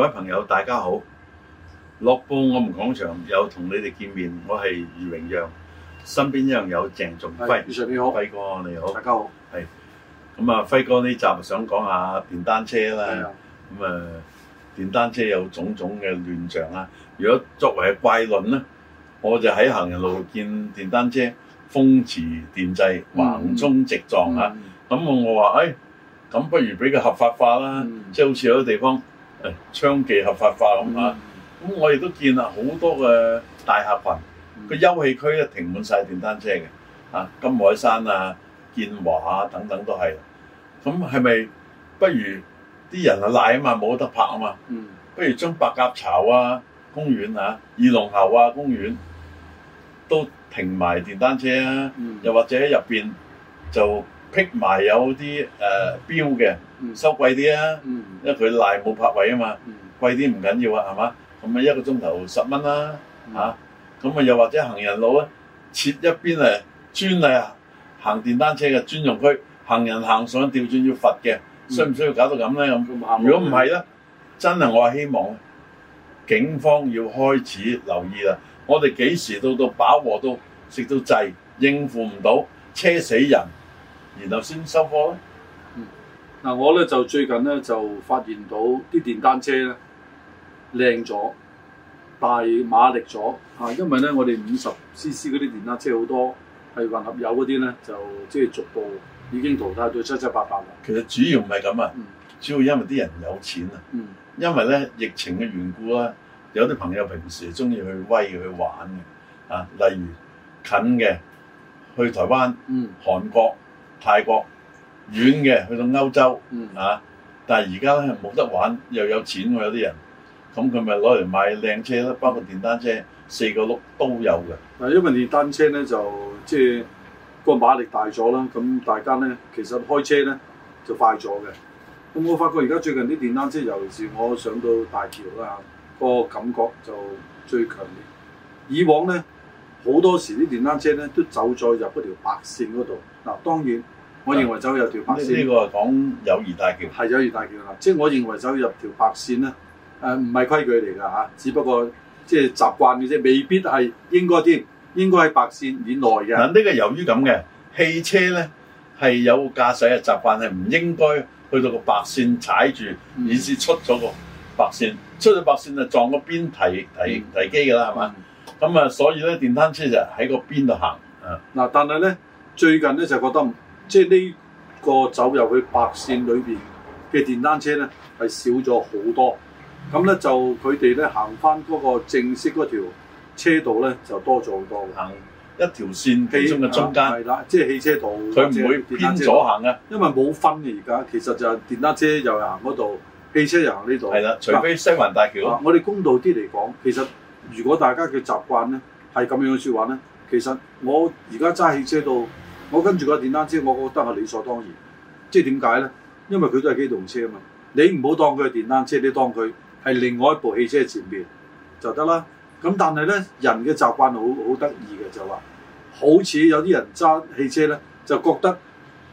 各位朋友，大家好！樂報我們講場有同你哋見面，我係余榮陽，身邊一樣有鄭仲輝，你好，輝哥，你好，大家好，係咁啊！輝哥呢集想講下電單車啦，咁啊的電單車有種種嘅亂象啊。如果作為怪論咧，我就喺行人路見電單車風馳電掣橫衝直撞啊！咁、嗯嗯、我話誒，咁、哎、不如俾佢合法化啦，嗯、即係好似有啲地方。娼、哎、妓合法化咁、mm hmm. 啊！咁我亦都見啦，好多嘅大客群個休憩區咧停滿晒電單車嘅，啊，金海山啊、建華啊等等都係。咁係咪不如啲人啊賴啊嘛，冇得泊啊嘛？不如將、mm hmm. 白鴿巢啊公園啊、二龍喉啊公園、啊、都停埋電單車啊，又、mm hmm. 或者入邊就。辟埋有啲誒、呃、標嘅，收貴啲啊，嗯、因為佢賴冇泊位啊嘛，嗯、貴啲唔緊要啊，係嘛？咁啊一個鐘頭十蚊啦、啊，嚇、嗯，咁啊又或者行人路咧、啊，設一邊係、啊、專係行電單車嘅專用區，行人行上掉轉要罰嘅，嗯、需唔需要搞到咁咧？咁如果唔係咧，真係我係希望警方要開始留意啦。我哋幾時到都到飽和到食到滯，應付唔到，車死人。然後先收貨咯。嗱、嗯，我咧就最近咧就發現到啲電單車咧靚咗，大馬力咗。嚇、啊，因為咧我哋五十 CC 嗰啲電單車好多係混合油嗰啲咧，就即係逐步已經淘汰到七七八八啦。嗯、其實主要唔係咁啊，嗯、主要因為啲人有錢啊。嗯，因為咧疫情嘅緣故啦、啊，有啲朋友平時中意去威去玩嘅。啊，例如近嘅去台灣、韓國、嗯。嗯泰國，遠嘅去到歐洲、嗯、啊，但係而家咧冇得玩，又有錢喎，有啲人，咁佢咪攞嚟買靚車啦，包括電單車四個轆都有嘅。嗱，因為電單車咧就即係個馬力大咗啦，咁大家咧其實開車咧就快咗嘅。咁我發覺而家最近啲電單車，尤其是我上到大橋啦，個感覺就最強烈以往咧。好多時啲電單車咧都走咗入嗰條白線嗰度，嗱當然，我認為走入條白線。呢、嗯這個係講友誼大橋。係友誼大橋啦，即係我認為走入條白線咧，誒唔係規矩嚟㗎嚇，只不過即係、就是、習慣嘅啫，未必係應該添，應該喺白線以內嘅。嗱呢個由於咁嘅，汽車咧係有駕駛嘅習慣係唔應該去到個白線踩住，而是出咗個白線，出咗白線就撞個邊堤堤堤機㗎啦，係嘛、嗯？嗯咁啊、嗯，所以咧，電單車就喺個邊度行啊？嗱、嗯，但係咧，最近咧就覺得即係呢個走入去白線裏邊嘅電單車咧，係、嗯、少咗好多。咁、嗯、咧就佢哋咧行返嗰個正式嗰條車道咧，就多咗好多行、嗯、一條線其氣中嘅中間，係啦、嗯，即係、就是、汽車道，佢唔會偏左行嘅，因為冇分嘅而家。其實就係電單車又行嗰度，汽車又行呢度，係啦，除非西環大橋。嗯、我哋公道啲嚟講，其實。如果大家嘅習慣咧係咁樣嘅説話咧，其實我而家揸汽車到，我跟住個電單車，我覺得係理所當然。即係點解咧？因為佢都係機動車啊嘛。你唔好當佢係電單車，你當佢係另外一部汽車前面就得啦。咁但係咧，人嘅習慣好好得意嘅，就話好似有啲人揸汽車咧，就覺得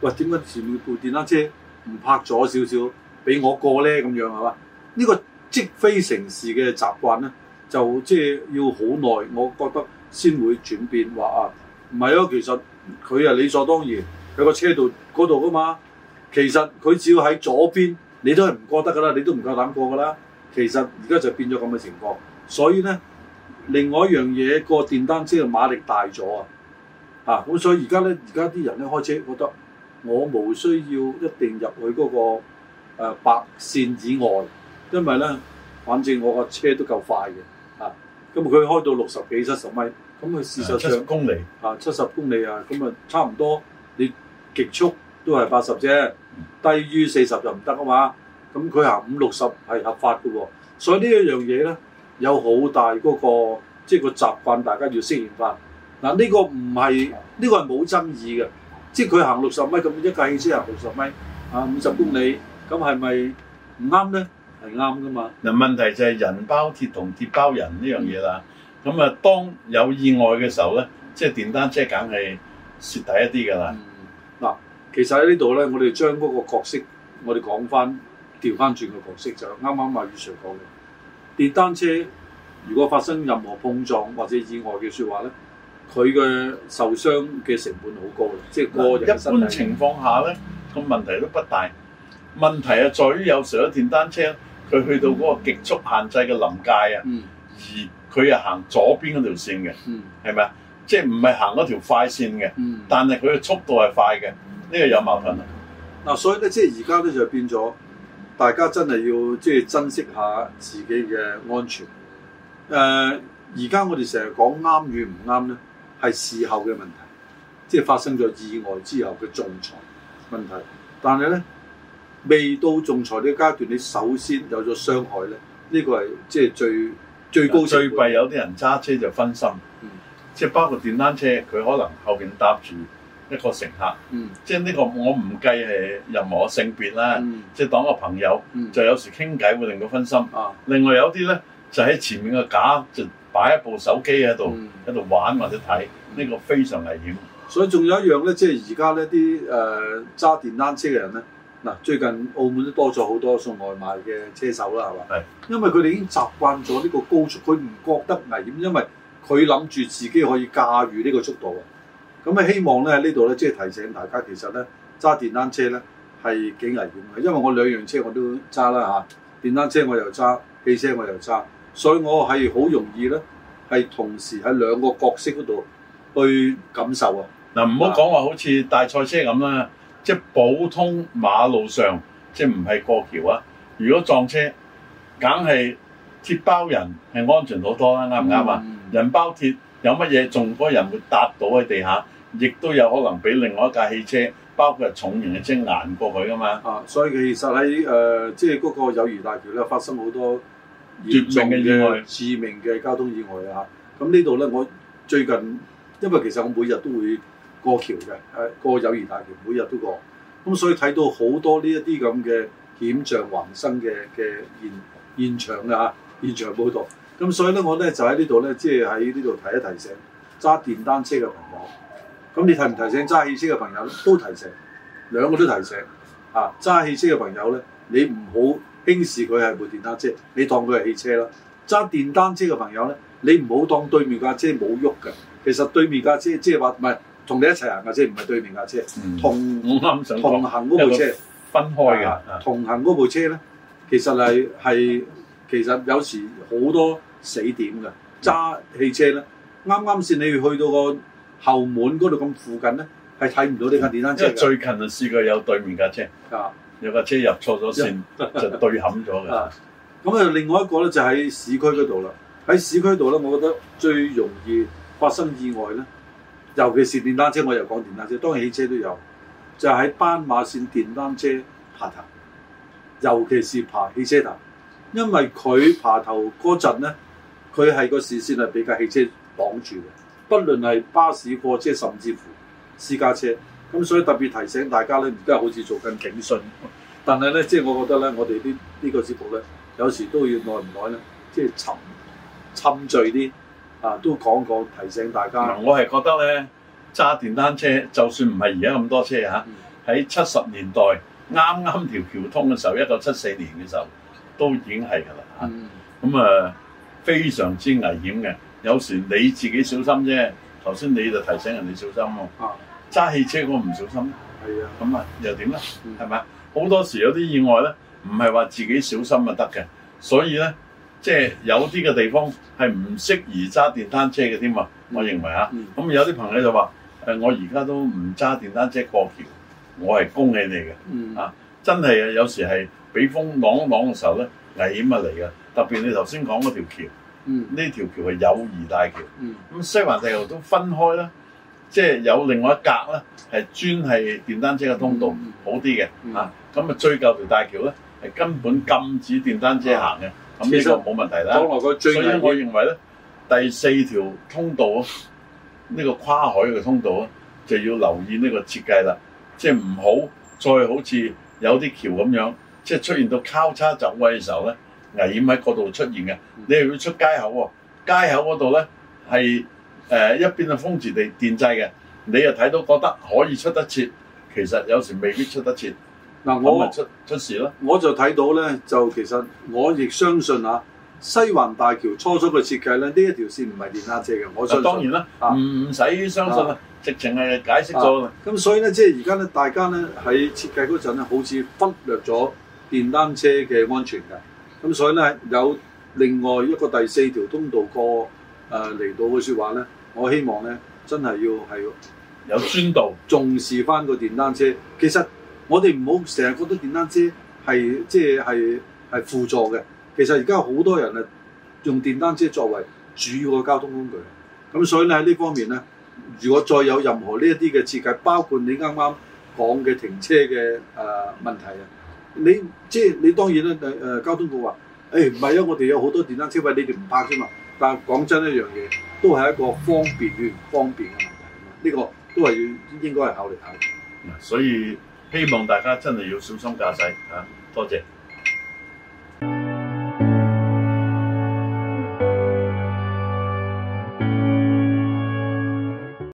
喂，點解前面部電單車唔拍咗少少俾我過咧咁樣係嘛？呢、這個積非成是嘅習慣咧。就即係要好耐，我覺得先會轉變話啊，唔係啊，其實佢係理所當然喺個車道嗰度噶嘛。其實佢只要喺左邊，你都係唔過得噶啦，你都唔夠膽過噶啦。其實而家就變咗咁嘅情況，所以咧，另外一樣嘢個電單車嘅馬力大咗啊，啊，咁所以而家咧，而家啲人咧開車覺得我冇需要一定入去嗰個白線以外，因為咧，反正我個車都夠快嘅。咁佢開到六十幾七十米，咁佢事實上，七十公里嚇七十公里啊，咁啊差唔多，你極速都係八十啫，低於四十就唔得啊嘛。咁佢行五六十係合法嘅喎，所以呢一樣嘢咧，有好大嗰個即係個習慣，大家要適應翻。嗱，呢個唔係，呢個係冇爭議嘅，即係佢行六十米，咁一架汽車行六十米啊五十公里，咁係咪唔啱咧？係啱噶嘛？嗱，問題就係人包鐵同鐵包人呢樣嘢啦。咁啊，當有意外嘅時候咧，即係電單車梗係蝕底一啲㗎啦。嗱，其實喺呢度咧，我哋將嗰個角色，我哋講翻調翻轉個角色，就係啱啱阿宇常講嘅電單車。如果發生任何碰撞或者意外嘅説話咧，佢嘅受傷嘅成本好高嘅，即係個人身體。一般情況下咧，個問題都不大。問題啊，在於有時電單車。佢去到嗰個極速限制嘅臨界啊，嗯、而佢係行左邊嗰條線嘅，係咪啊？即係唔係行嗰條快線嘅？嗯、但係佢嘅速度係快嘅，呢個、嗯、有矛盾啊！嗱、嗯，所以咧，即係而家咧就變咗，大家真係要即係珍惜下自己嘅安全。誒、呃，而家我哋成日講啱與唔啱咧，係事後嘅問題，即係發生咗意外之後嘅仲裁問題，但係咧。未到仲裁呢個階段，你首先有咗傷害咧，呢、這個係即係最是吧 最高。最弊有啲人揸車就分心，即係包括電單車，佢可能後邊搭住一個乘客，嗯、即係呢個我唔計係任何性別啦，即係、嗯、當個朋友，就有時傾偈會令到分心。另外有啲呢，就喺前面嘅架、Ki 嗯、就擺一部手機喺度，喺度玩或者睇，呢、這個非常危險。所以仲有一樣呢，即係而家呢啲誒揸電單車嘅人呢。嗱，最近澳門都多咗好多送外賣嘅車手啦，係嘛？係。因為佢哋已經習慣咗呢個高速，佢唔覺得危險，因為佢諗住自己可以駕馭呢個速度啊。咁啊，希望咧呢度咧，即係提醒大家，其實咧揸電單車咧係幾危險嘅，因為我兩樣車我都揸啦吓，電單車我又揸，汽車我又揸，所以我係好容易咧，係同時喺兩個角色嗰度去感受啊。嗱，唔好講話好似大賽車咁啊。即係普通馬路上，即係唔係過橋啊？如果撞車，梗係鐵包人係安全好多啦，啱唔啱啊？嗯、人包鐵有乜嘢？仲多人會搭到喺地下，亦都有可能俾另外一架汽車，包括係重型嘅車，硬過佢噶嘛？啊！所以其實喺誒，即係嗰個友誼大橋咧，發生好多嚴重嘅致命嘅交通意外啊！咁呢度咧，我最近因為其實我每日都會。過橋嘅，誒過友誼大橋，每日都過，咁所以睇到好多呢一啲咁嘅險象橫生嘅嘅現現場嘅嚇、啊，現場報道。咁所以咧，我咧就喺呢度咧，即係喺呢度提一提醒，揸電單車嘅朋友。咁你提唔提醒揸汽車嘅朋友？都提醒，兩個都提醒。啊，揸汽車嘅朋友咧，你唔好輕視佢係部電單車，你當佢係汽車啦。揸電單車嘅朋友咧，你唔好當對面架車冇喐㗎，其實對面架車即係話唔係。就是同你一齊行架車，唔係對面架車，同、嗯、我同行嗰部車分開嘅、啊。同行嗰部車咧，其實係係其實有時好多死點嘅。揸汽車咧，啱啱先你去到個後門嗰度咁附近咧，係睇唔到呢架電單車。嗯、因為最近啊，試過有對面架車，啊、有架車入錯咗線入就對冚咗嘅。咁啊，啊另外一個咧就喺市區嗰度啦。喺市區度咧，我覺得最容易發生意外咧。尤其是電單車，我又講電單車，當然汽車都有，就喺、是、斑馬線電單車爬頭，尤其是爬汽車頭，因為佢爬頭嗰陣咧，佢係個視線係畀架汽車綁住嘅，不論係巴士、貨車，甚至乎私家車。咁所以特別提醒大家咧，而家好似做緊警訊，但係咧，即、就、係、是、我覺得咧，我哋啲、這個、呢個節目咧，有時都要耐唔耐咧，即、就、係、是、沉沉醉啲。啊，都講過提醒大家。啊、我係覺得呢，揸電單車就算唔係而家咁多車嚇，喺七十年代啱啱條橋通嘅時候，一九七四年嘅時候，都已經係噶啦咁啊，非常之危險嘅。有時你自己小心啫，頭先你就提醒人哋小心喎。揸汽車嗰個唔小心，係啊，咁啊，啊又點呢？係咪好多時有啲意外呢？唔係話自己小心就得嘅，所以呢。即係有啲嘅地方係唔適宜揸電單車嘅添啊！我認為啊，咁有啲朋友就話：誒，我而家都唔揸電單車過橋，我係恭喜你嘅啊！真係啊，有時係畀風擋一擋嘅時候咧，危險啊嚟嘅。特別你頭先講嗰條橋，呢條橋係友誼大橋，咁西環大橋都分開啦，即係有另外一格啦，係專係電單車嘅通道，好啲嘅啊。咁啊，最舊條大橋咧，係根本禁止電單車行嘅。咁呢個冇問題啦。所以，我認為咧，第四條通道啊，呢個跨海嘅通道啊，就要留意呢個設計啦，即係唔好再好似有啲橋咁樣，即係出現到交叉走位嘅時候咧，危險喺嗰度出現嘅。你又要出街口喎，街口嗰度咧係誒一邊係風池地電掣嘅，你又睇到覺得可以出得切，其實有時未必出得切。嗱我出出事咯！我就睇到咧，就其實我亦相信啊，西環大橋初初嘅設計咧，呢一條線唔係電單車嘅。我相當然啦，唔使、啊、相信啊，直情係解釋咗。咁、啊啊、所以咧，即係而家咧，大家咧喺設計嗰陣咧，好似忽略咗電單車嘅安全㗎。咁所以咧，有另外一個第四條通道過誒嚟到嘅説話咧，我希望咧真係要係有專道，重視翻個電單車。其實。我哋唔好成日覺得電單車係即係係輔助嘅，其實而家好多人啊用電單車作為主要嘅交通工具，咁所以咧喺呢方面咧，如果再有任何呢一啲嘅設計，包括你啱啱講嘅停車嘅誒問題啊，你即係、即係、你當然咧誒、誒、交通局話，誒唔係啊，我哋有好多電單車位你哋唔怕啫嘛，但係講真一樣嘢，都係一個方便與唔方便嘅問題啊，呢、呢個都係要應該係考慮下。嗱，所以。希望大家真係要小心駕駛吖，多謝。